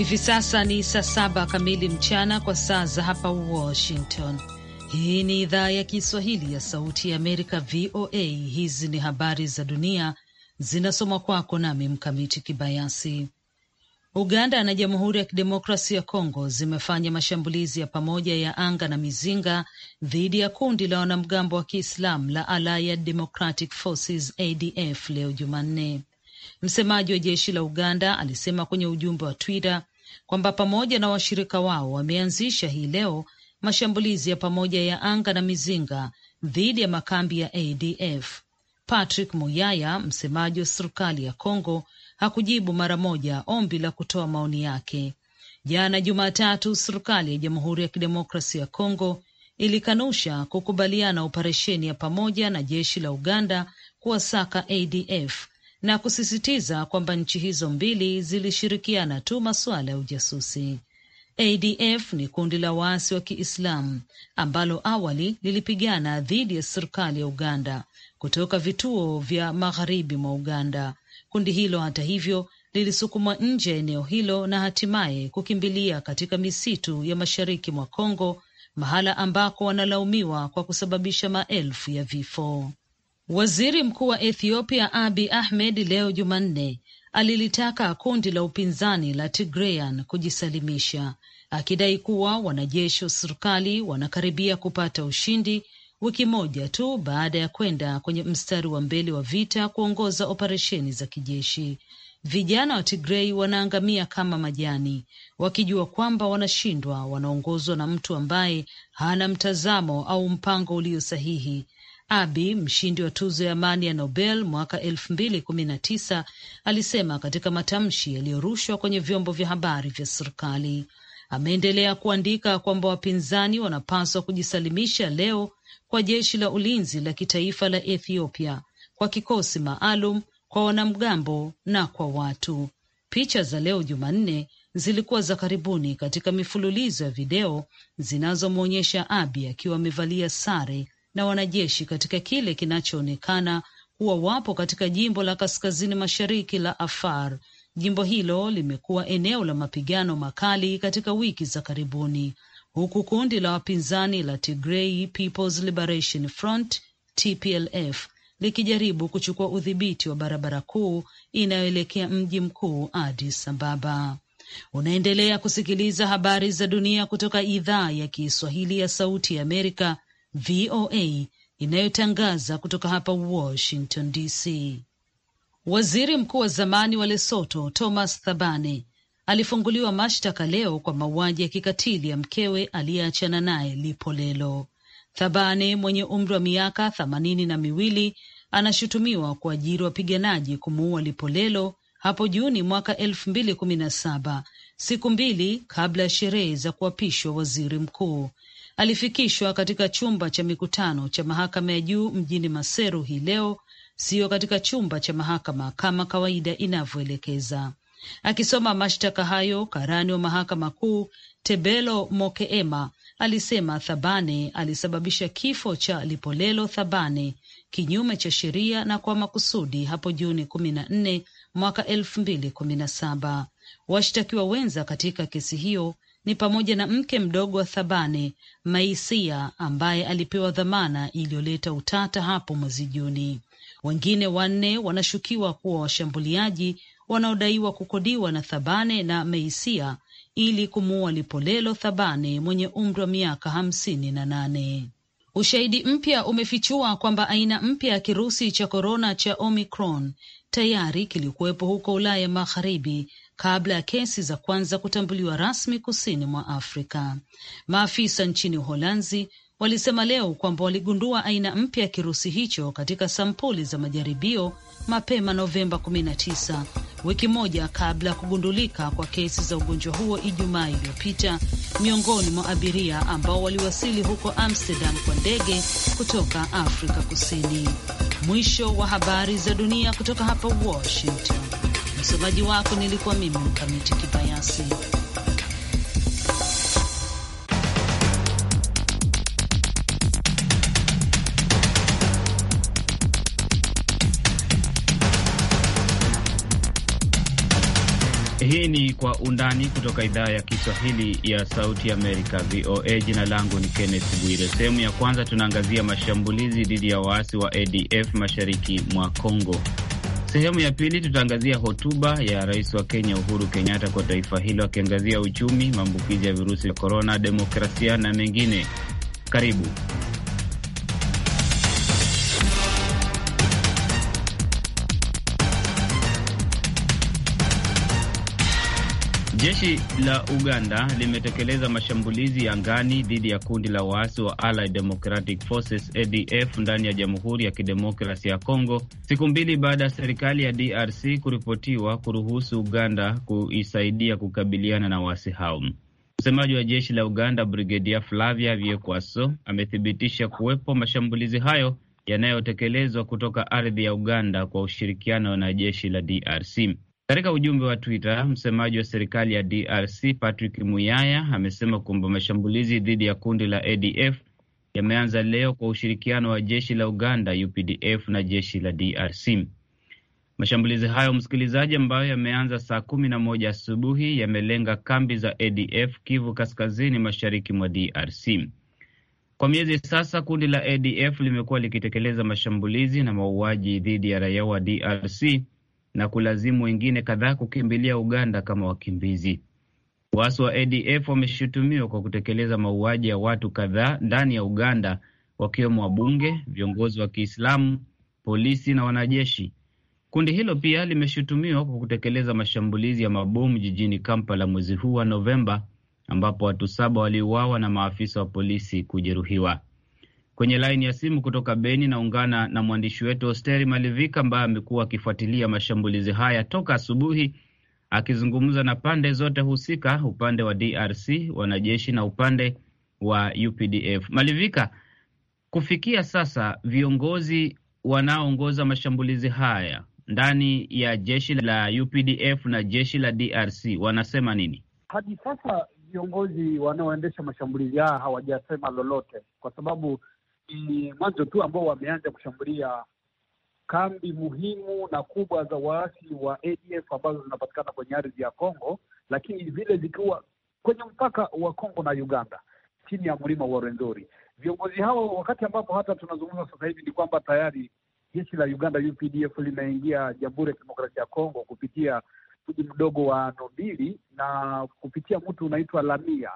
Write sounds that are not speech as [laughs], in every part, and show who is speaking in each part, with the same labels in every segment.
Speaker 1: Hivi sasa ni saa saba kamili mchana kwa saa za hapa Washington. Hii ni idhaa ya Kiswahili ya Sauti ya Amerika, VOA. Hizi ni habari za dunia zinasomwa kwako nami Mkamiti Kibayasi. Uganda na Jamhuri ya Kidemokrasi ya Kongo zimefanya mashambulizi ya pamoja ya anga na mizinga dhidi ya kundi la wanamgambo wa Kiislamu la Allied Democratic Forces ADF leo Jumanne. Msemaji wa jeshi la Uganda alisema kwenye ujumbe wa Twitter kwamba pamoja na washirika wao wameanzisha hii leo mashambulizi ya pamoja ya anga na mizinga dhidi ya makambi ya ADF. Patrick Muyaya, msemaji wa serikali ya Kongo, hakujibu mara moja ombi la kutoa maoni yake. Jana Jumatatu, serikali ya Jamhuri ya Kidemokrasia ya Kongo ilikanusha kukubaliana operesheni ya pamoja na jeshi la Uganda kuwasaka ADF na kusisitiza kwamba nchi hizo mbili zilishirikiana tu masuala ya ujasusi. ADF ni kundi la waasi wa Kiislamu ambalo awali lilipigana dhidi ya serikali ya Uganda kutoka vituo vya magharibi mwa Uganda. Kundi hilo hata hivyo lilisukumwa nje ya eneo hilo na hatimaye kukimbilia katika misitu ya mashariki mwa Kongo, mahala ambako wanalaumiwa kwa kusababisha maelfu ya vifo. Waziri Mkuu wa Ethiopia Abi Ahmed leo Jumanne alilitaka kundi la upinzani la Tigrean kujisalimisha akidai kuwa wanajeshi wa serikali wanakaribia kupata ushindi wiki moja tu baada ya kwenda kwenye mstari wa mbele wa vita kuongoza operesheni za kijeshi. Vijana wa Tigrei wanaangamia kama majani, wakijua kwamba wanashindwa, wanaongozwa na mtu ambaye hana mtazamo au mpango ulio sahihi, abi mshindi wa tuzo ya amani ya Nobel mwaka elfu mbili kumi na tisa, alisema katika matamshi yaliyorushwa kwenye vyombo vya habari vya serikali. Ameendelea kuandika kwamba wapinzani wanapaswa kujisalimisha leo kwa jeshi la ulinzi la kitaifa la Ethiopia, kwa kikosi maalum, kwa wanamgambo na kwa watu. Picha za leo Jumanne zilikuwa za karibuni katika mifululizo ya video zinazomwonyesha abi akiwa amevalia sare na wanajeshi katika kile kinachoonekana kuwa wapo katika jimbo la kaskazini mashariki la Afar. Jimbo hilo limekuwa eneo la mapigano makali katika wiki za karibuni, huku kundi la wapinzani la Tigray People's Liberation Front TPLF likijaribu kuchukua udhibiti wa barabara kuu inayoelekea mji mkuu Addis Ababa. Unaendelea kusikiliza habari za dunia kutoka idhaa ya Kiswahili ya Sauti ya Amerika VOA inayotangaza kutoka hapa Washington DC. Waziri mkuu wa zamani wa Lesoto Thomas Thabane alifunguliwa mashtaka leo kwa mauaji ya kikatili ya mkewe aliyeachana naye Lipolelo. Thabane mwenye umri wa miaka themanini na miwili anashutumiwa kuajiri wapiganaji kumuua Lipolelo hapo Juni mwaka elfu mbili kumi na saba, siku mbili kabla ya sherehe za kuapishwa waziri mkuu alifikishwa katika chumba cha mikutano cha mahakama ya juu mjini Maseru hii leo, siyo katika chumba cha mahakama kama kawaida inavyoelekeza. Akisoma mashtaka hayo, karani wa mahakama kuu Tebelo Mokeema alisema Thabane alisababisha kifo cha Lipolelo Thabane kinyume cha sheria na kwa makusudi hapo Juni kumi na nne mwaka elfu mbili kumi na saba. Washtakiwa wenza katika kesi hiyo ni pamoja na mke mdogo wa Thabane, Maisia, ambaye alipewa dhamana iliyoleta utata hapo mwezi Juni. Wengine wanne wanashukiwa kuwa washambuliaji wanaodaiwa kukodiwa na Thabane na Meisia ili kumuua Lipolelo Thabane mwenye umri wa miaka hamsini na nane. Ushahidi mpya umefichua kwamba aina mpya ya kirusi cha korona cha Omicron tayari kilikuwepo huko Ulaya Magharibi kabla ya kesi za kwanza kutambuliwa rasmi kusini mwa Afrika. Maafisa nchini Uholanzi walisema leo kwamba waligundua aina mpya ya kirusi hicho katika sampuli za majaribio mapema Novemba 19, wiki moja kabla ya kugundulika kwa kesi za ugonjwa huo Ijumaa iliyopita miongoni mwa abiria ambao waliwasili huko Amsterdam kwa ndege kutoka Afrika Kusini. Mwisho wa habari za dunia kutoka hapa Washington. Msomaji wako nilikuwa mimi Mkamiti Kibayasi.
Speaker 2: Hii ni Kwa Undani kutoka idhaa ya Kiswahili ya Sauti ya Amerika, VOA. Jina langu ni Kenneth Bwire. Sehemu ya kwanza tunaangazia mashambulizi dhidi ya waasi wa ADF mashariki mwa congo Sehemu ya pili tutaangazia hotuba ya rais wa Kenya Uhuru Kenyatta kwa taifa hilo, akiangazia uchumi, maambukizi ya virusi vya korona, demokrasia na mengine. Karibu. Jeshi la Uganda limetekeleza mashambulizi ya angani dhidi ya kundi la waasi wa Allied Democratic Forces ADF ndani ya Jamhuri ya Kidemokrasi ya congo siku mbili baada ya serikali ya DRC kuripotiwa kuruhusu Uganda kuisaidia kukabiliana na waasi hao. Msemaji wa jeshi la Uganda Brigedia Flavia Viekwaso amethibitisha kuwepo mashambulizi hayo yanayotekelezwa kutoka ardhi ya Uganda kwa ushirikiano na jeshi la DRC. Katika ujumbe wa Twitter, msemaji wa serikali ya DRC Patrick Muyaya amesema kwamba mashambulizi dhidi ya kundi la ADF yameanza leo kwa ushirikiano wa jeshi la Uganda UPDF na jeshi la DRC. Mashambulizi hayo, msikilizaji, ambayo yameanza saa kumi na moja asubuhi yamelenga kambi za ADF Kivu kaskazini mashariki mwa DRC. Kwa miezi sasa kundi la ADF limekuwa likitekeleza mashambulizi na mauaji dhidi ya raia wa DRC na kulazimu wengine kadhaa kukimbilia Uganda kama wakimbizi. Waasi wa ADF wameshutumiwa kwa kutekeleza mauaji ya watu kadhaa ndani ya Uganda, wakiwemo wabunge, viongozi wa Kiislamu, polisi na wanajeshi. Kundi hilo pia limeshutumiwa kwa kutekeleza mashambulizi ya mabomu jijini Kampala mwezi huu wa Novemba, ambapo watu saba waliuawa na maafisa wa polisi kujeruhiwa. Kwenye laini ya simu kutoka Beni naungana na mwandishi wetu Hosteri Malivika ambaye amekuwa akifuatilia mashambulizi haya toka asubuhi, akizungumza na pande zote husika, upande wa DRC wanajeshi na upande wa UPDF. Malivika, kufikia sasa viongozi wanaoongoza mashambulizi haya ndani ya jeshi la UPDF na jeshi la DRC wanasema nini?
Speaker 3: Hadi sasa viongozi wanaoendesha mashambulizi haya hawajasema lolote, kwa sababu ni mwanzo tu ambao wameanza kushambulia kambi muhimu na kubwa za waasi wa ADF ambazo zinapatikana kwenye ardhi ya Kongo, lakini vile zikiwa kwenye mpaka wa Kongo na Uganda chini ya mlima wa Rwenzori. Viongozi hao wakati ambapo hata tunazungumza sasa hivi ni kwamba tayari jeshi la Uganda UPDF limeingia Jamhuri ya Kidemokrasia ya Kongo kupitia mji mdogo wa Nobili na kupitia mtu unaitwa Lamia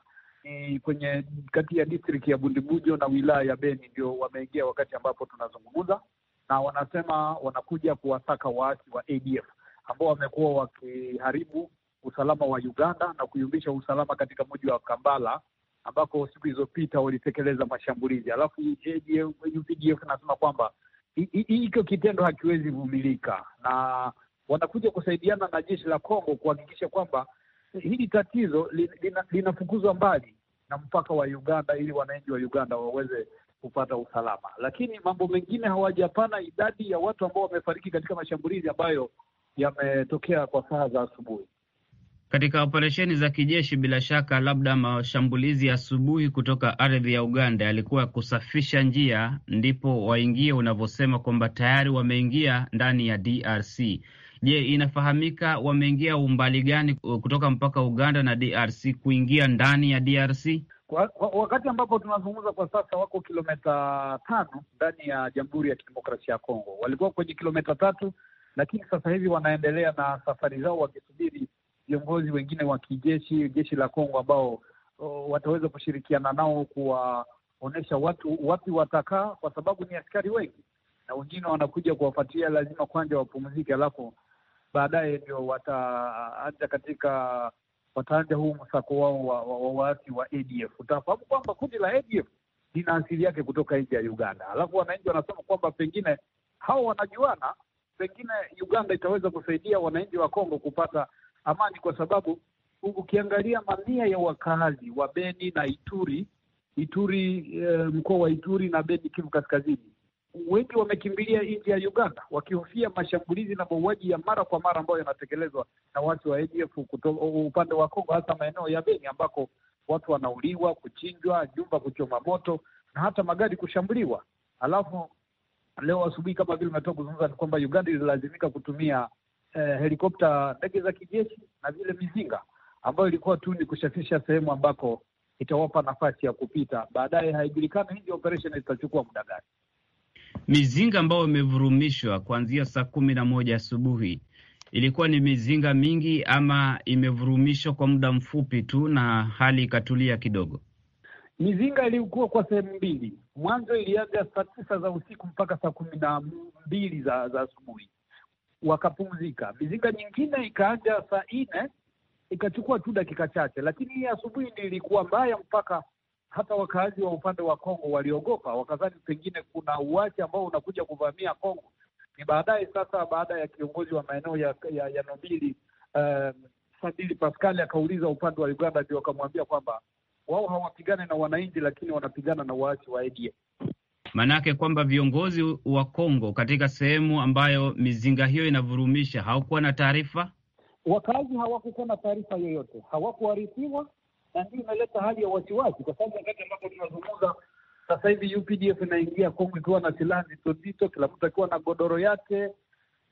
Speaker 3: ni kwenye kati ya district ya Bundibujo na wilaya ya Beni ndio wameingia wakati ambapo tunazungumza, na wanasema wanakuja kuwasaka waasi wa ADF ambao wamekuwa wakiharibu usalama wa Uganda na kuyumbisha usalama katika mji wa kambala ambako siku zilizopita walitekeleza mashambulizi. Alafu UPDF nasema kwamba hicho kitendo hakiwezi vumilika, na wanakuja kusaidiana na jeshi la Kongo kuhakikisha kwamba hili tatizo linafukuzwa lina mbali na mpaka wa Uganda ili wananchi wa Uganda waweze kupata usalama, lakini mambo mengine hawajapana idadi ya watu ambao wamefariki katika mashambulizi ambayo yametokea kwa saa za asubuhi
Speaker 2: katika operesheni za kijeshi. Bila shaka, labda mashambulizi ya asubuhi kutoka ardhi ya Uganda yalikuwa kusafisha njia, ndipo waingie, unavyosema kwamba tayari wameingia ndani ya DRC. Je, inafahamika wameingia umbali gani uh, kutoka mpaka Uganda na DRC kuingia ndani ya DRC? Kwa, kwa, wakati
Speaker 3: ambapo tunazungumza kwa sasa wako kilomita tano ndani ya Jamhuri ya Kidemokrasia ya Kongo. Walikuwa kwenye kilomita tatu, lakini sasa hivi wanaendelea na safari zao wakisubiri viongozi wengine wa kijeshi, jeshi la Kongo ambao uh, wataweza kushirikiana nao kuwaonyesha watu wapi watakaa, kwa sababu ni askari wengi na wengine wanakuja kuwafuatilia. Lazima kwanza wapumzike, alafu baadaye ndio wataanja katika wataanja huu msako wao wa, wa, wa waasi wa ADF. Utafahamu kwamba kundi la ADF lina asili yake kutoka nje ya Uganda, alafu wananchi wanasema kwamba pengine hawa wanajuana, pengine Uganda itaweza kusaidia wananchi wa Kongo kupata amani, kwa sababu ukiangalia mamia ya wakazi wa Beni na Ituri Ituri, e, mkoa wa Ituri na Beni, Kivu Kaskazini wengi wamekimbilia nchi ya Uganda wakihofia mashambulizi na mauaji ya mara kwa mara ambayo yanatekelezwa na watu wa ADF upande wa Kongo, hasa maeneo ya Beni ambako watu wanauliwa, kuchinjwa, nyumba kuchoma moto na hata magari kushambuliwa. Alafu leo asubuhi, kama vile umetoka kuzungumza, ni kwamba Uganda ililazimika kutumia eh, helikopta, ndege za kijeshi na vile mizinga ambayo ilikuwa tu ni kushafisha sehemu ambako itawapa nafasi ya kupita. Baadaye haijulikani hizi operesheni zitachukua muda gani.
Speaker 2: Mizinga ambayo imevurumishwa kuanzia saa kumi na moja asubuhi ilikuwa ni mizinga mingi ama imevurumishwa kwa muda mfupi tu na hali ikatulia kidogo? Mizinga
Speaker 3: ilikuwa kwa sehemu mbili. Mwanzo ilianza saa tisa za usiku mpaka saa kumi na mbili za za asubuhi, wakapumzika. Mizinga nyingine ikaanja saa nne, ikachukua tu dakika chache, lakini hii asubuhi ndio ilikuwa mbaya mpaka hata wakaazi wa upande wa Kongo waliogopa, wakadhani pengine kuna uasi ambao unakuja kuvamia Kongo. Ni baadaye sasa, baada ya kiongozi wa maeneo ya, ya, ya Nobili um, Sadili Paskali akauliza upande wa Uganda, ndio wakamwambia kwamba wao hawapigane na wananchi, lakini wanapigana na waasi wa ADF.
Speaker 2: Maanake kwamba viongozi wa Kongo katika sehemu ambayo mizinga hiyo inavurumisha hawakuwa na taarifa, wakazi hawakukuwa
Speaker 3: na taarifa yoyote, hawakuarifiwa na ndio imeleta hali ya wasiwasi, kwa sababu wakati ambapo tunazungumza sasa hivi UPDF inaingia Kongo ikiwa na silaha nzito nzito, kila mtu akiwa na godoro yake,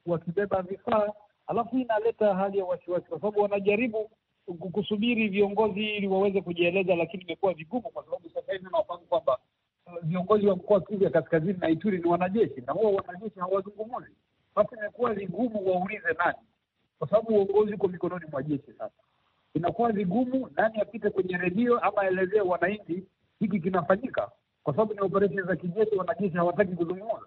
Speaker 3: wakibeba vifaa, alafu hii inaleta hali ya wasiwasi, kwa sababu wanajaribu kusubiri viongozi ili waweze kujieleza, lakini imekuwa vigumu, kwa sababu sasa hivi unafahamu kwamba uh, viongozi wa mkoa Kivu ya Kaskazini na Ituri ni wanajeshi na huwa wanajeshi hawazungumuzi. Basi imekuwa vigumu waulize nani, kwa sababu uongozi uko mikononi mwa jeshi sasa inakuwa vigumu nani apite kwenye redio ama aelezee wananchi hiki kinafanyika, kwa sababu ni operesheni za kijeshi, wanajeshi hawataki kuzungumza.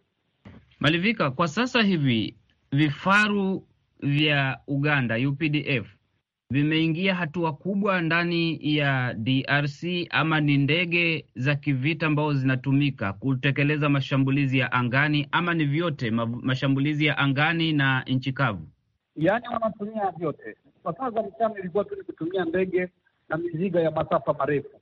Speaker 2: Malivika, kwa sasa hivi vifaru vya Uganda UPDF vimeingia hatua kubwa ndani ya DRC ama ni ndege za kivita ambazo zinatumika kutekeleza mashambulizi ya angani ama ni vyote ma, mashambulizi ya angani na nchi kavu?
Speaker 3: Yaani wanatumia vyote, masafa mchana ilikuwa tu ni kutumia ndege na mizigo ya masafa marefu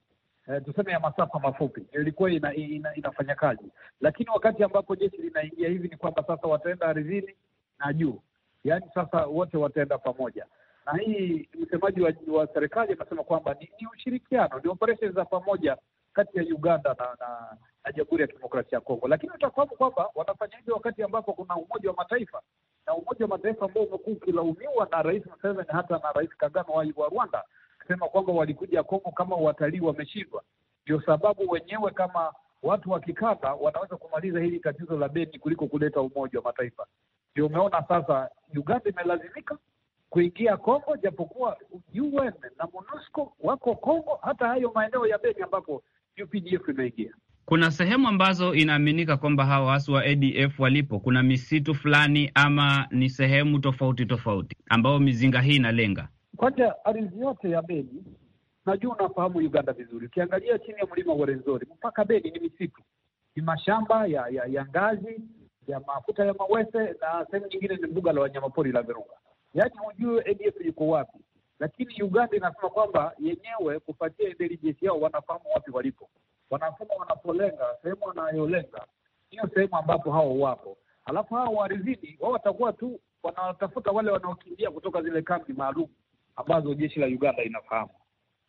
Speaker 3: eh, tuseme ya masafa mafupi ilikuwa ina, ina, inafanya kazi, lakini wakati ambapo jeshi linaingia hivi ni kwamba sasa wataenda ardhini na juu, yaani sasa wote wataenda pamoja na hii msemaji wa, wa serikali anasema kwamba ni, ni ushirikiano ni operesheni za pamoja kati ya Uganda na na, na Jamhuri ya Kidemokrasia ya Kongo, lakini utafahamu kwamba wanafanya hivyo wakati ambapo kuna Umoja wa Mataifa na Umoja wa Mataifa ambao umekuwa ukilaumiwa na Rais Museveni hata na Rais Kagame wa Rwanda kusema kwamba walikuja Kongo kama watalii wameshindwa. Ndio sababu wenyewe kama watu wa kikanda wanaweza kumaliza hili tatizo la Beni kuliko kuleta Umoja wa Mataifa. Ndio umeona sasa Uganda imelazimika kuingia Kongo, japokuwa UN na MONUSCO wako Kongo, hata hayo maeneo ya Beni ambapo UPDF imeingia
Speaker 2: kuna sehemu ambazo inaaminika kwamba hawa waasi wa ADF walipo, kuna misitu fulani ama ni sehemu tofauti tofauti ambayo mizinga hii inalenga.
Speaker 3: Kwanza ardhi yote ya Beni, najua unafahamu Uganda vizuri. Ukiangalia chini ya mlima wa mpaka Beni ni misitu, ni mashamba ya, ya, ya ngazi ya mafuta ya mawese, na sehemu nyingine ni mbuga la wanyamapori la Virunga. Yaani hujue ADF yuko wapi, lakini Uganda inasema kwamba yenyewe kufuatia intelijensi yao wanafahamu wapi walipo wanasema wanapolenga sehemu wanayolenga hiyo sehemu ambapo hao wapo, alafu hao waridhini wao watakuwa tu wanatafuta wale wanaokimbia kutoka zile kambi maalum ambazo jeshi la Uganda inafahamu.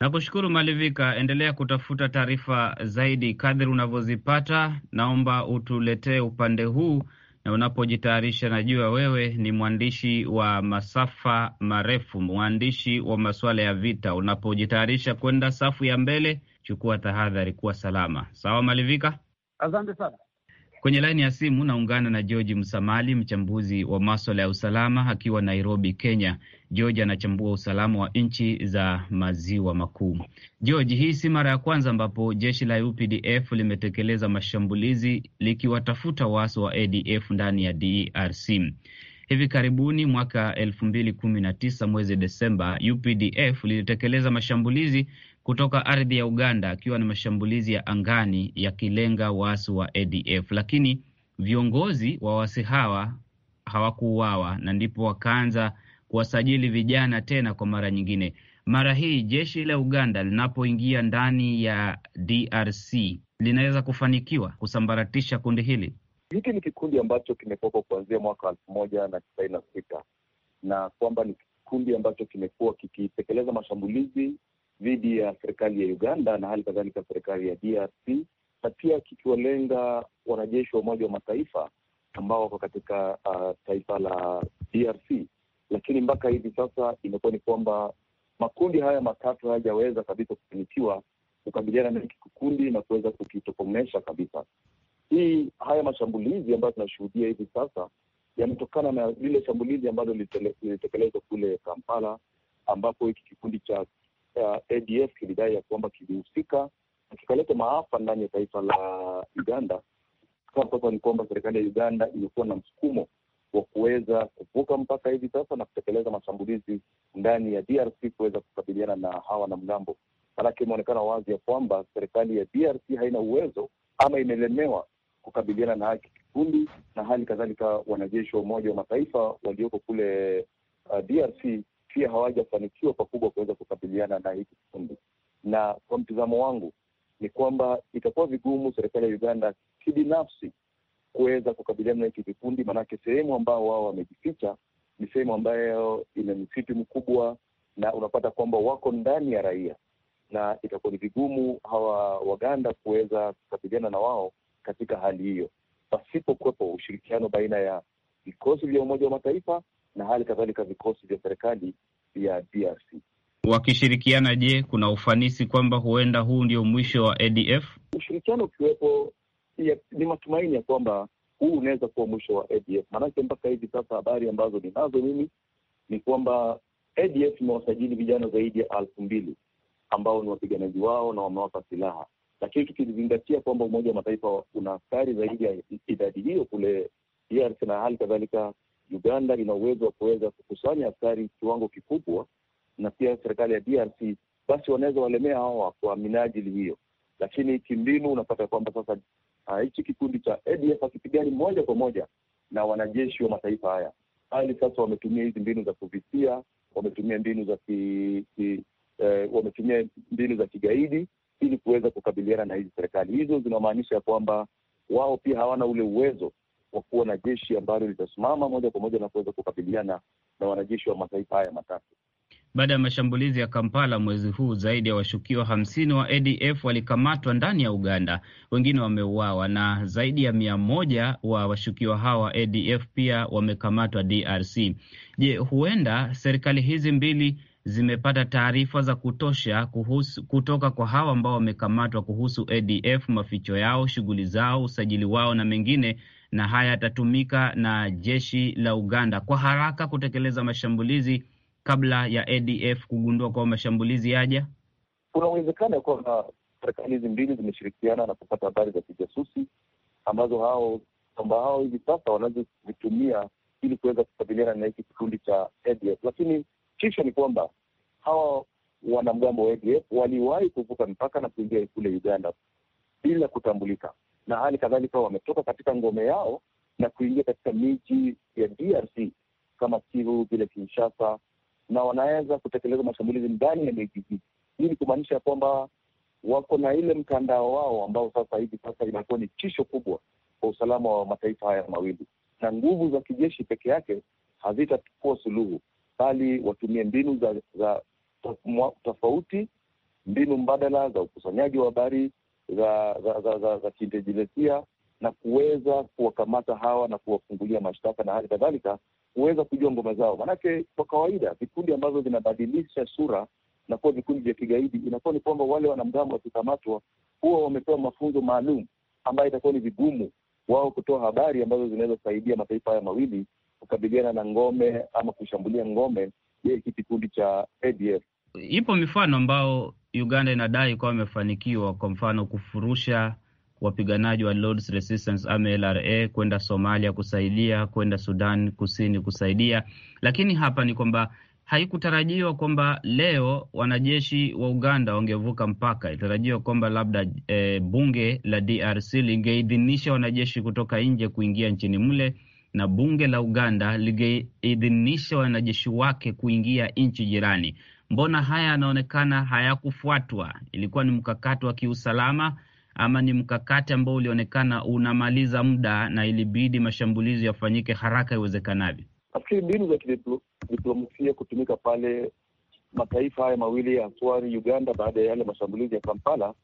Speaker 2: Nakushukuru Malivika, endelea kutafuta taarifa zaidi kadri unavyozipata. Naomba utuletee upande huu na unapojitayarisha, najua wewe ni mwandishi wa masafa marefu, mwandishi wa masuala ya vita. Unapojitayarisha kwenda safu ya mbele, chukua tahadhari, kuwa salama. Sawa Malivika, asante sana. Kwenye laini ya simu naungana na George Msamali, mchambuzi wa maswala ya usalama akiwa Nairobi, Kenya. George anachambua usalama wa nchi za maziwa makuu. George, hii si mara ya kwanza ambapo jeshi la UPDF limetekeleza mashambulizi likiwatafuta waasi wa ADF ndani ya DRC. Hivi karibuni mwaka 2019 mwezi Desemba, UPDF lilitekeleza mashambulizi kutoka ardhi ya Uganda, akiwa na mashambulizi ya angani yakilenga waasi wa ADF, lakini viongozi wa waasi hawa hawakuuawa na ndipo wakaanza kuwasajili vijana tena kwa mara nyingine. Mara hii jeshi la Uganda linapoingia ndani ya DRC linaweza kufanikiwa kusambaratisha kundi hili.
Speaker 4: Hiki ni kikundi ambacho kimekuwako kuanzia mwaka elfu moja na tisaini na sita na kwamba ni kikundi ambacho kimekuwa kikitekeleza mashambulizi dhidi ya serikali ya Uganda na hali kadhalika serikali ya DRC na pia kikiwalenga wanajeshi wa Umoja wa Mataifa ambao wako katika uh, taifa la DRC lakini mpaka hivi sasa imekuwa ni kwamba makundi haya matatu hayajaweza kabisa kufanikiwa kukabiliana na hiki kikundi na kuweza kukitokomesha kabisa. Hii haya mashambulizi ambayo tunashuhudia hivi sasa yametokana na lile shambulizi ambalo lilitekelezwa kule Kampala, ambapo hiki kikundi cha uh, ADF kilidai ya kwamba kilihusika na kikaleta maafa ndani ya taifa la Uganda. Sasa ni kwamba serikali ya Uganda imekuwa na msukumo wa kuweza kuvuka mpaka hivi sasa na kutekeleza mashambulizi ndani ya DRC kuweza kukabiliana na hawa wanamgambo. manake imeonekana wazi ya kwamba serikali ya DRC haina uwezo ama imelemewa kukabiliana na haki kikundi na hali kadhalika, wanajeshi wa Umoja wa Mataifa walioko kule uh, DRC pia hawajafanikiwa pakubwa kuweza kukabiliana na hiki kikundi. Na kwa mtizamo wangu ni kwamba itakuwa vigumu serikali ya Uganda kibinafsi kuweza kukabiliana na hiki kikundi, maanake sehemu ambao wao wamejificha ni sehemu ambayo ina msitu mkubwa, na unapata kwamba wako ndani ya raia, na itakuwa ni vigumu hawa Waganda kuweza kukabiliana na wao katika hali hiyo pasipokuwepo ushirikiano baina ya vikosi vya Umoja wa Mataifa na hali kadhalika vikosi vya serikali ya DRC
Speaker 2: wakishirikiana. Je, kuna ufanisi kwamba huenda huu ndio mwisho wa ADF?
Speaker 4: Ushirikiano ukiwepo ya, ni matumaini ya kwamba huu unaweza kuwa mwisho wa ADF, maanake mpaka hivi sasa habari ambazo ninazo mimi ni kwamba ADF imewasajili vijana zaidi ya elfu mbili ambao ni wapiganaji wao na wamewapa silaha, lakini tukizingatia kwamba Umoja wa Mataifa una askari zaidi ya idadi hiyo kule DRC na hali kadhalika Uganda ina uwezo wa kuweza kukusanya askari kiwango kikubwa, na pia serikali ya DRC, basi wanaweza walemea hawa kwa minajili hiyo. Lakini kimbinu unapata kwamba sasa Ah, hichi kikundi cha ADF hakipigani moja kwa moja na wanajeshi wa mataifa haya, bali sasa wametumia hizi mbinu za kuvitia, wametumia mbinu za ki, ki, eh, wametumia mbinu za kigaidi ili kuweza kukabiliana na hizi serikali hizo. Zinamaanisha kwamba wao pia hawana ule uwezo wa kuwa na jeshi ambalo litasimama moja kwa moja na kuweza kukabiliana na wanajeshi wa mataifa haya matatu
Speaker 2: baada ya mashambulizi ya Kampala mwezi huu. Zaidi ya washukiwa hamsini wa ADF walikamatwa ndani ya Uganda, wengine wameuawa na zaidi ya mia moja wa washukiwa hawa ADF pia wamekamatwa DRC. Je, huenda serikali hizi mbili zimepata taarifa za kutosha kuhusu, kutoka kwa hawa ambao wamekamatwa kuhusu ADF, maficho yao, shughuli zao, usajili wao na mengine, na haya yatatumika na jeshi la Uganda kwa haraka kutekeleza mashambulizi kabla ya ADF kugundua kwamba mashambulizi yaja?
Speaker 4: Kuna uwezekano ya kwamba serikali hizi mbili zimeshirikiana na kupata habari za kijasusi ambazo hao kwamba hao hivi sasa wanazozitumia ili kuweza kukabiliana na hiki kikundi cha ADF. Lakini kisha ni kwamba hawa wanamgambo wa ADF waliwahi kuvuka mpaka na kuingia kule Uganda bila kutambulika, na hali kadhalika wametoka katika ngome yao na kuingia katika miji ya DRC kama Kivu, vile Kinshasa, na wanaweza kutekeleza mashambulizi ndani ya miji hii. Hii ni kumaanisha kwamba wako na ile mtandao wao ambao sasa hivi sasa inakuwa ni tisho kubwa kwa usalama wa mataifa haya mawili, na nguvu za kijeshi peke yake hazitakuwa suluhu, bali watumie mbinu za, za tofauti, mbinu mbadala za ukusanyaji wa habari za za, za, za, za kiintelijensia na kuweza kuwakamata hawa na kuwafungulia mashtaka na hali kadhalika kuweza kujua ngoma zao, maanake kwa kawaida vikundi ambavyo vinabadilisha sura na kuwa vikundi vya kigaidi inakuwa ni kwamba wale wanamgambo wakikamatwa huwa wamepewa mafunzo maalum ambayo itakuwa ni vigumu wao kutoa habari ambazo zinaweza kusaidia mataifa haya mawili kukabiliana na ngome ama kushambulia ngome ya hiki kikundi cha ADF.
Speaker 2: Ipo mifano ambayo Uganda inadai kuwa amefanikiwa kwa mfano kufurusha wapiganaji wa Lord's Resistance Army LRA kwenda Somalia kusaidia, kwenda Sudan Kusini kusaidia. Lakini hapa ni kwamba haikutarajiwa kwamba leo wanajeshi wa Uganda wangevuka mpaka. Ilitarajiwa kwamba labda e, bunge la DRC lingeidhinisha wanajeshi kutoka nje kuingia nchini mle na bunge la Uganda lingeidhinisha wanajeshi wake kuingia nchi jirani. Mbona haya yanaonekana hayakufuatwa? Ilikuwa ni mkakati wa kiusalama ama ni mkakati ambao ulionekana unamaliza muda na ilibidi mashambulizi yafanyike haraka iwezekanavyo?
Speaker 4: Nafikiri mbinu za kidiplomasia kutumika pale mataifa haya mawili ya Swari Uganda, baada ya yale mashambulizi ya Kampala,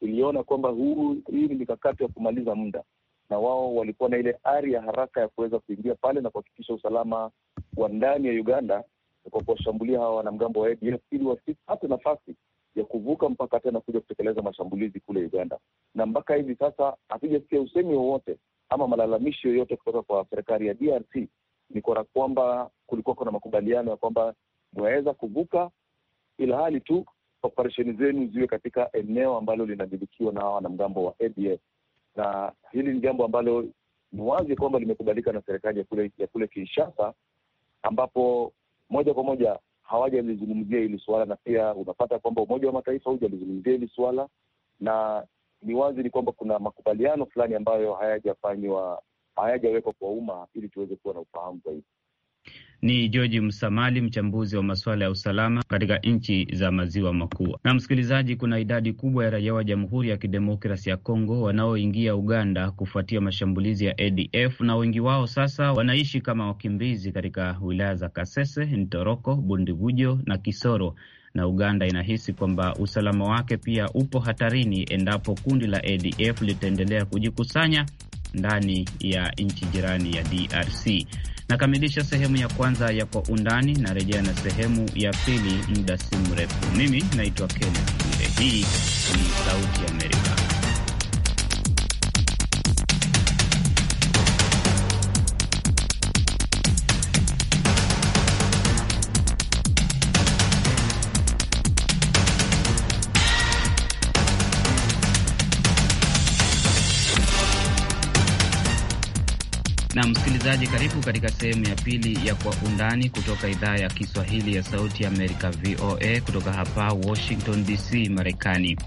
Speaker 4: iliona kwamba huu hii ni mikakati ya kumaliza muda, na wao walikuwa na ile ari ya haraka ya kuweza kuingia pale na kuhakikisha usalama wa ndani ya Uganda kwa kuwashambulia hawa wanamgambo wa ADF ili wasipate nafasi ya kuvuka mpaka tena kuja kutekeleza mashambulizi kule Uganda, na mpaka hivi sasa hatujasikia usemi wowote ama malalamishi yoyote kutoka kwa serikali ya DRC. Ni kwa kwamba kulikuwa kuna makubaliano ya kwamba mwaweza kuvuka, ila hali tu operesheni zenu ziwe katika eneo ambalo linadhibitiwa na wanamgambo wa ADF, na hili ni jambo ambalo ni wazi kwamba limekubalika na serikali ya kule ya kule Kinshasa, ambapo moja kwa moja hawajalizungumzia hili suala, na pia unapata kwamba Umoja wa Mataifa hujalizungumzia hili suala, na ni wazi ni kwamba kuna makubaliano fulani ambayo hayajafanywa hayajawekwa kwa umma ili tuweze kuwa na
Speaker 2: ufahamu zaidi. Ni George Msamali, mchambuzi wa masuala ya usalama katika nchi za maziwa makuu. Na msikilizaji, kuna idadi kubwa ya raia wa Jamhuri ya Kidemokrasi ya Kongo wanaoingia Uganda kufuatia mashambulizi ya ADF na wengi wao sasa wanaishi kama wakimbizi katika wilaya za Kasese, Ntoroko, Bundibujo na Kisoro na Uganda inahisi kwamba usalama wake pia upo hatarini endapo kundi la ADF litaendelea kujikusanya ndani ya nchi jirani ya DRC. Nakamilisha sehemu ya kwanza ya Kwa Undani na rejea na sehemu ya pili muda si mrefu. Mimi naitwa Kenya Bwire. Hii ni Sauti ya Amerika. Msikilizaji, karibu katika sehemu ya pili ya Kwa Undani kutoka idhaa ya Kiswahili ya Sauti ya Amerika, VOA, kutoka hapa Washington DC, Marekani.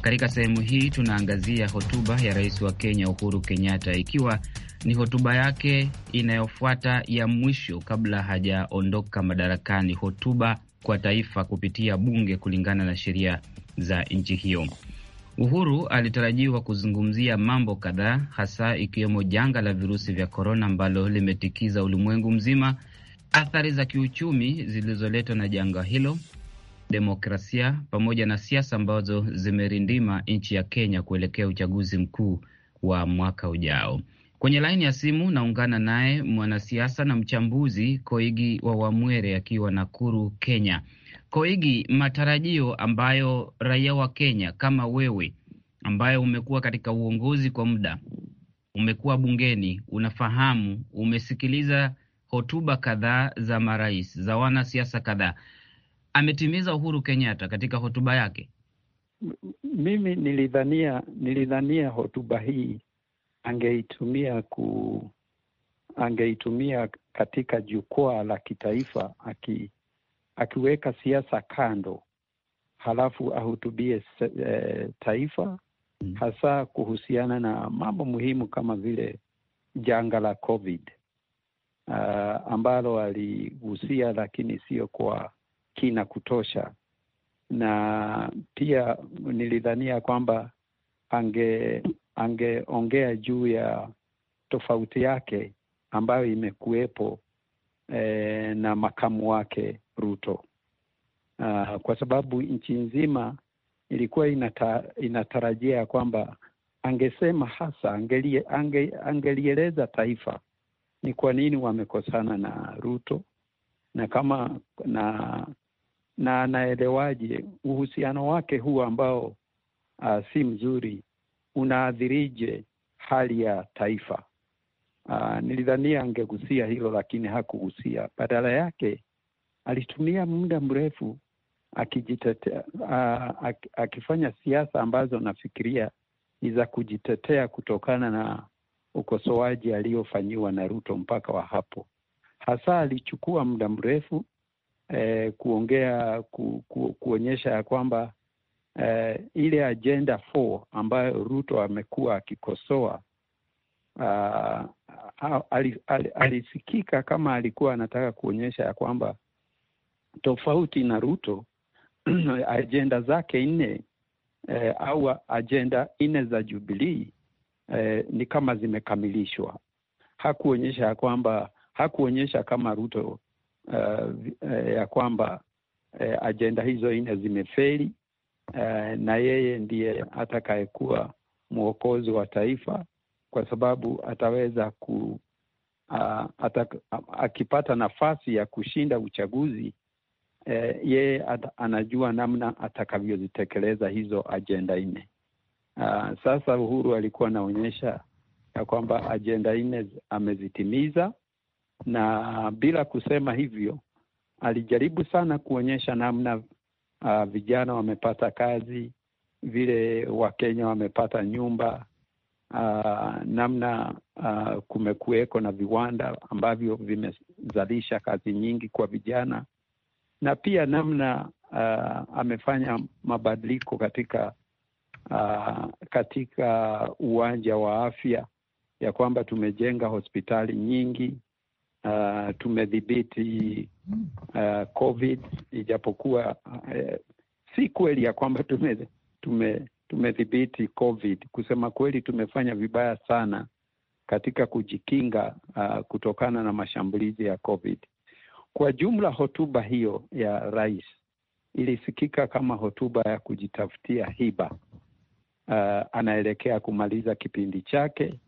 Speaker 2: Katika sehemu hii tunaangazia hotuba ya rais wa Kenya Uhuru Kenyatta, ikiwa ni hotuba yake inayofuata ya mwisho kabla hajaondoka madarakani, hotuba kwa taifa kupitia bunge kulingana na sheria za nchi hiyo. Uhuru alitarajiwa kuzungumzia mambo kadhaa, hasa ikiwemo janga la virusi vya korona ambalo limetikiza ulimwengu mzima, athari za kiuchumi zilizoletwa na janga hilo, demokrasia pamoja na siasa ambazo zimerindima nchi ya Kenya kuelekea uchaguzi mkuu wa mwaka ujao. Kwenye laini ya simu naungana naye mwanasiasa na mchambuzi Koigi wa Wamwere akiwa Nakuru, Kenya. Koigi, matarajio ambayo raia wa Kenya kama wewe ambaye umekuwa katika uongozi kwa muda, umekuwa bungeni, unafahamu, umesikiliza hotuba kadhaa za marais za wanasiasa kadhaa, ametimiza Uhuru Kenyatta katika hotuba yake?
Speaker 5: Mimi nilidhania nilidhania hotuba hii angeitumia ku angeitumia katika jukwaa la kitaifa aki akiweka siasa kando, halafu ahutubie e, taifa mm. hasa kuhusiana na mambo muhimu kama vile janga la COVID uh, ambalo aligusia lakini sio kwa kina kutosha, na pia nilidhania kwamba ange angeongea juu ya tofauti yake ambayo imekuwepo eh, na makamu wake Ruto. Uh, kwa sababu nchi nzima ilikuwa inata, inatarajia ya kwamba angesema hasa angelie, ange, angelieleza taifa ni kwa nini wamekosana na Ruto na kama na na anaelewaje uhusiano wake huu ambao uh, si mzuri unaathirije hali ya taifa. Uh, nilidhania angegusia hilo lakini hakugusia. Badala yake alitumia muda mrefu akijitetea, akifanya siasa ambazo nafikiria ni za kujitetea kutokana na ukosoaji aliyofanyiwa na Ruto. Mpaka wa hapo hasa alichukua muda mrefu eh, kuongea ku, ku, kuonyesha ya kwamba eh, ile ajenda 4 ambayo Ruto amekuwa akikosoa Uh, al, al, alisikika kama alikuwa anataka kuonyesha ya kwamba tofauti na Ruto [clears throat] ajenda zake nne eh, au ajenda nne za Jubilee eh, ni kama zimekamilishwa. Hakuonyesha kwamba hakuonyesha kama Ruto uh, eh, ya kwamba eh, ajenda hizo nne zimefeli eh, na yeye ndiye atakayekuwa mwokozi wa taifa kwa sababu ataweza ku uh, ah, ataka, akipata nafasi ya kushinda uchaguzi e, eh, yeye anajua namna atakavyozitekeleza hizo ajenda nne. Ah, sasa Uhuru alikuwa anaonyesha ya kwamba ajenda nne amezitimiza, na bila kusema hivyo alijaribu sana kuonyesha namna uh, vijana wamepata kazi, vile Wakenya wamepata nyumba uh, namna uh, kumekuweko na viwanda ambavyo vimezalisha kazi nyingi kwa vijana na pia namna uh, amefanya mabadiliko katika uh, katika uwanja wa afya ya kwamba tumejenga hospitali nyingi uh, tumedhibiti uh, COVID ijapokuwa uh, si kweli ya kwamba tume, tume tumedhibiti COVID. Kusema kweli, tumefanya vibaya sana katika kujikinga uh, kutokana na mashambulizi ya COVID. Kwa jumla, hotuba hiyo ya rais ilisikika kama hotuba ya kujitafutia hiba. Uh, anaelekea kumaliza kipindi chake,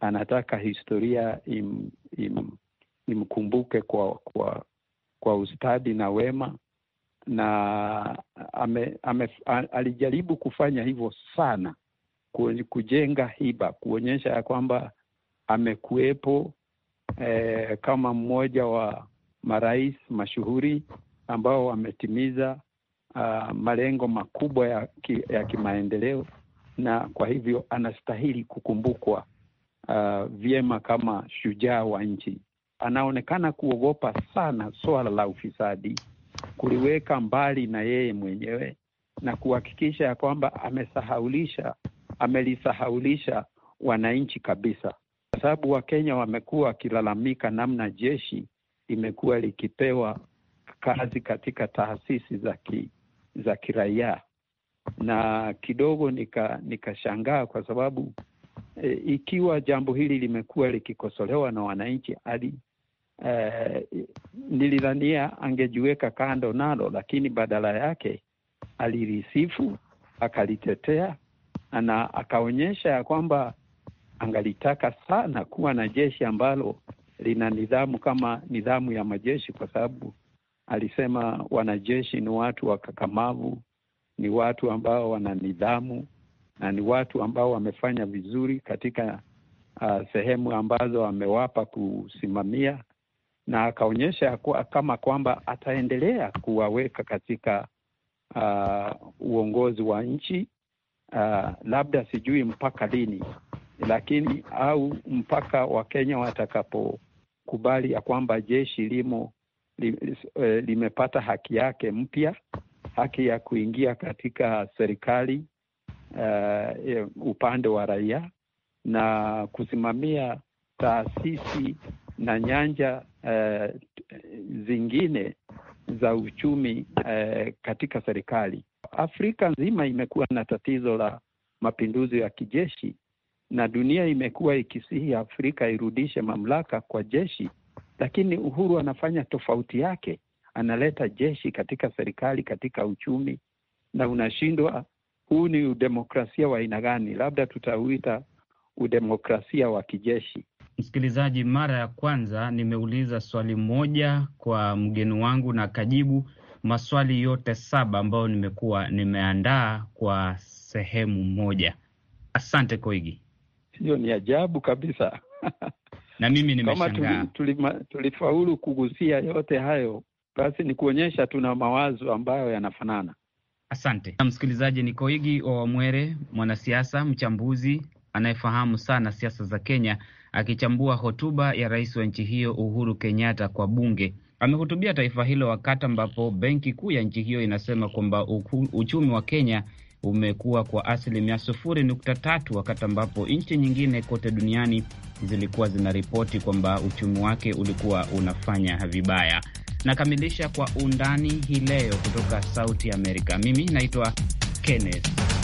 Speaker 5: anataka historia im, im, imkumbuke kwa, kwa, kwa ustadi na wema na ame, ame, alijaribu kufanya hivyo sana, kujenga hiba, kuonyesha ya kwamba amekuwepo eh, kama mmoja wa marais mashuhuri ambao wametimiza uh, malengo makubwa ya, ki, ya kimaendeleo na kwa hivyo anastahili kukumbukwa uh, vyema kama shujaa wa nchi. Anaonekana kuogopa sana swala la ufisadi, kuliweka mbali na yeye mwenyewe na kuhakikisha ya kwamba amesahaulisha, amelisahaulisha wananchi kabisa, kwa sababu Wakenya wamekuwa wakilalamika namna jeshi limekuwa likipewa kazi katika taasisi za ki, za kiraia na kidogo nikashangaa nika kwa sababu e, ikiwa jambo hili limekuwa likikosolewa na wananchi hadi e, nilidhania angejiweka kando nalo, lakini badala yake alilisifu, akalitetea na akaonyesha ya kwamba angalitaka sana kuwa na jeshi ambalo lina nidhamu kama nidhamu ya majeshi, kwa sababu alisema wanajeshi ni watu wakakamavu, ni watu ambao wana nidhamu na ni watu ambao wamefanya vizuri katika uh, sehemu ambazo amewapa kusimamia, na akaonyesha kama kwamba ataendelea kuwaweka katika uh, uongozi wa nchi uh, labda sijui mpaka lini, lakini au mpaka Wakenya watakapo kukubali ya kwamba jeshi limo li, eh, limepata haki yake mpya, haki ya kuingia katika serikali uh, upande wa raia na kusimamia taasisi na nyanja uh, zingine za uchumi uh, katika serikali. Afrika nzima imekuwa na tatizo la mapinduzi ya kijeshi na dunia imekuwa ikisihi Afrika irudishe mamlaka kwa jeshi, lakini Uhuru anafanya tofauti yake, analeta jeshi katika serikali, katika uchumi, na unashindwa. Huu ni udemokrasia wa aina gani? Labda tutauita udemokrasia wa kijeshi.
Speaker 2: Msikilizaji, mara ya kwanza nimeuliza swali moja kwa mgeni wangu na kajibu maswali yote saba ambayo nimekuwa nimeandaa kwa sehemu moja. Asante Koigi hiyo ni
Speaker 5: ajabu kabisa.
Speaker 2: [laughs] Na mimi nimeshangaa,
Speaker 5: tulifaulu kugusia yote hayo, basi ni kuonyesha tuna mawazo ambayo yanafanana.
Speaker 2: Asante msikilizaji. Ni Koigi wa Wamwere, mwanasiasa mchambuzi anayefahamu sana siasa za Kenya, akichambua hotuba ya rais wa nchi hiyo Uhuru Kenyatta kwa bunge. Amehutubia taifa hilo wakati ambapo benki kuu ya nchi hiyo inasema kwamba uchumi wa Kenya umekuwa kwa asilimia sufuri nukta tatu wakati ambapo nchi nyingine kote duniani zilikuwa zinaripoti kwamba uchumi wake ulikuwa unafanya vibaya. Nakamilisha kwa undani hii leo kutoka Sauti Amerika. Mimi naitwa Kenneth